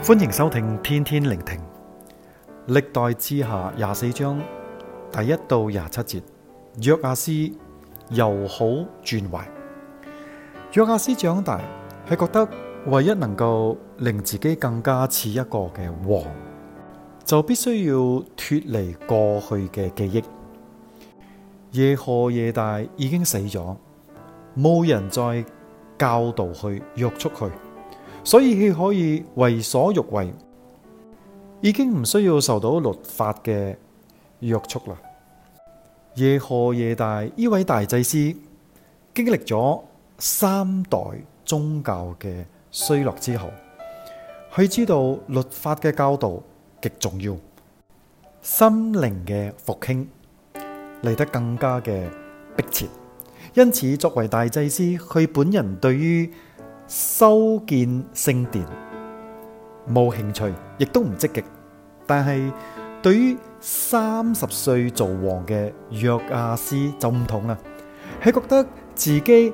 歡迎收聽天天聆聽歷代志下廿四章第一到廿七節，約阿施由好轉壞。約阿施長大，係覺得唯一能夠令自己更加似一個嘅王，就必須要脱離過去嘅記憶。耶何耶大已經死咗，冇人再教導去約束佢。所以佢可以為所欲為，已經唔需要受到律法嘅約束啦。耶何耶大呢位大祭司，經歷咗三代宗教嘅衰落之後，佢知道律法嘅教導極重要，心靈嘅復興嚟得更加嘅迫切。因此，作為大祭司，佢本人對於修建聖殿冇興趣，亦都唔積極。但係對於三十歲做王嘅約阿施就唔同啦，佢覺得自己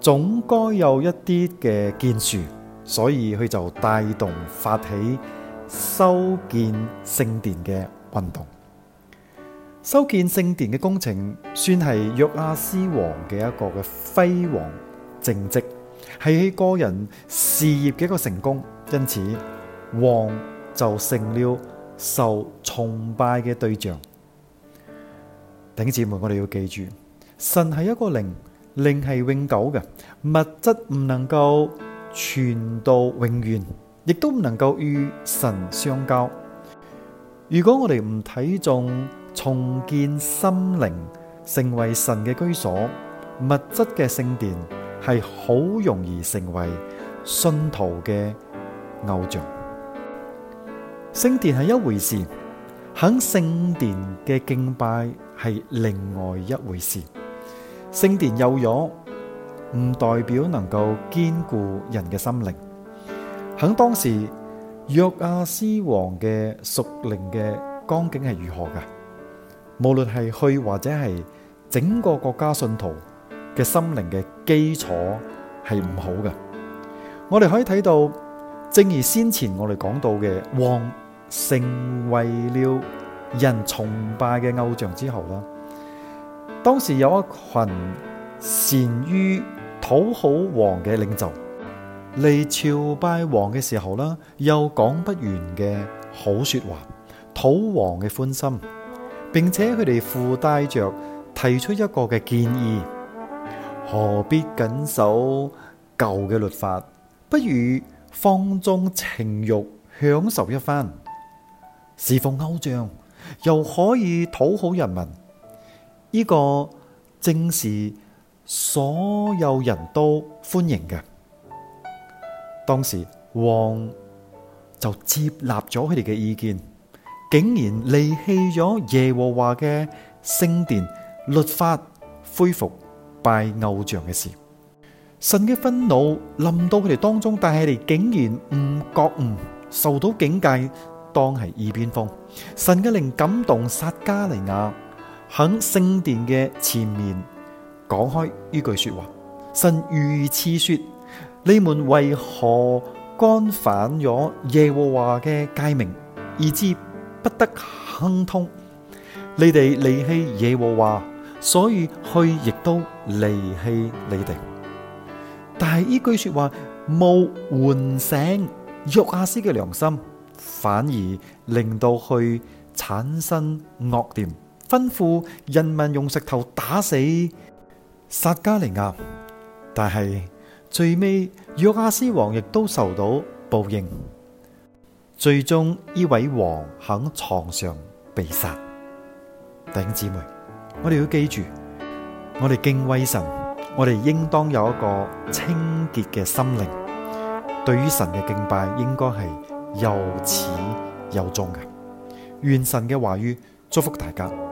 總該有一啲嘅建樹，所以佢就帶動發起修建聖殿嘅運動。修建聖殿嘅工程算係約阿施王嘅一個嘅輝煌政績。係個人事業嘅一個成功，因此王就成了受崇拜嘅對象。弟兄姊妹，我哋要記住，神係一個靈，靈係永久嘅，物質唔能夠傳到永遠，亦都唔能夠與神相交。如果我哋唔睇重重建心靈，成為神嘅居所，物質嘅聖殿。係好容易成為信徒嘅偶像。聖殿係一回事，喺聖殿嘅敬拜係另外一回事。聖殿有咗，唔代表能夠堅固人嘅心靈。喺當時約阿施王嘅屬靈嘅光景係如何噶？無論係去或者係整個國家信徒。嘅心靈嘅基礎係唔好嘅，我哋可以睇到，正如先前我哋講到嘅，王成為了人崇拜嘅偶像之後啦，當時有一群善於討好王嘅領袖，嚟朝拜王嘅時候啦，又講不完嘅好說話，討王嘅歡心，並且佢哋附帶着提出一個嘅建議。何必緊守舊嘅律法？不如放縱情欲，享受一番。事奉偶像又可以討好人民，呢、這個正是所有人都歡迎嘅。當時王就接納咗佢哋嘅意見，竟然離棄咗耶和華嘅聖殿、律法，恢復。拜偶像嘅事，神嘅憤怒臨到佢哋當中，但係佢哋竟然唔覺悟，受到警戒當係耳邊風。神嘅靈感動撒迦利亞，喺聖殿嘅前面講開呢句說話：神如此說，你們為何干犯咗耶和華嘅誡命，以致不得亨通？你哋離棄耶和華。所以佢亦都離棄你哋，但係呢句說話冇喚醒約阿施嘅良心，反而令到佢產生惡念，吩咐人民用石頭打死撒迦利亞。但係最尾約阿施王亦都受到報應，最終呢位王喺床上被殺。弟兄姊妹。我哋要記住，我哋敬畏神，我哋應當有一個清潔嘅心靈，對於神嘅敬拜應該係有始有終嘅。願神嘅話語祝福大家。